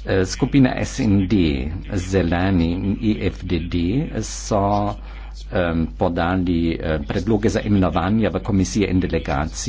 Eh, Skupina SND, zeleni in IFDD e so podali eh, predloge za imenovanje v komisije in delegacije.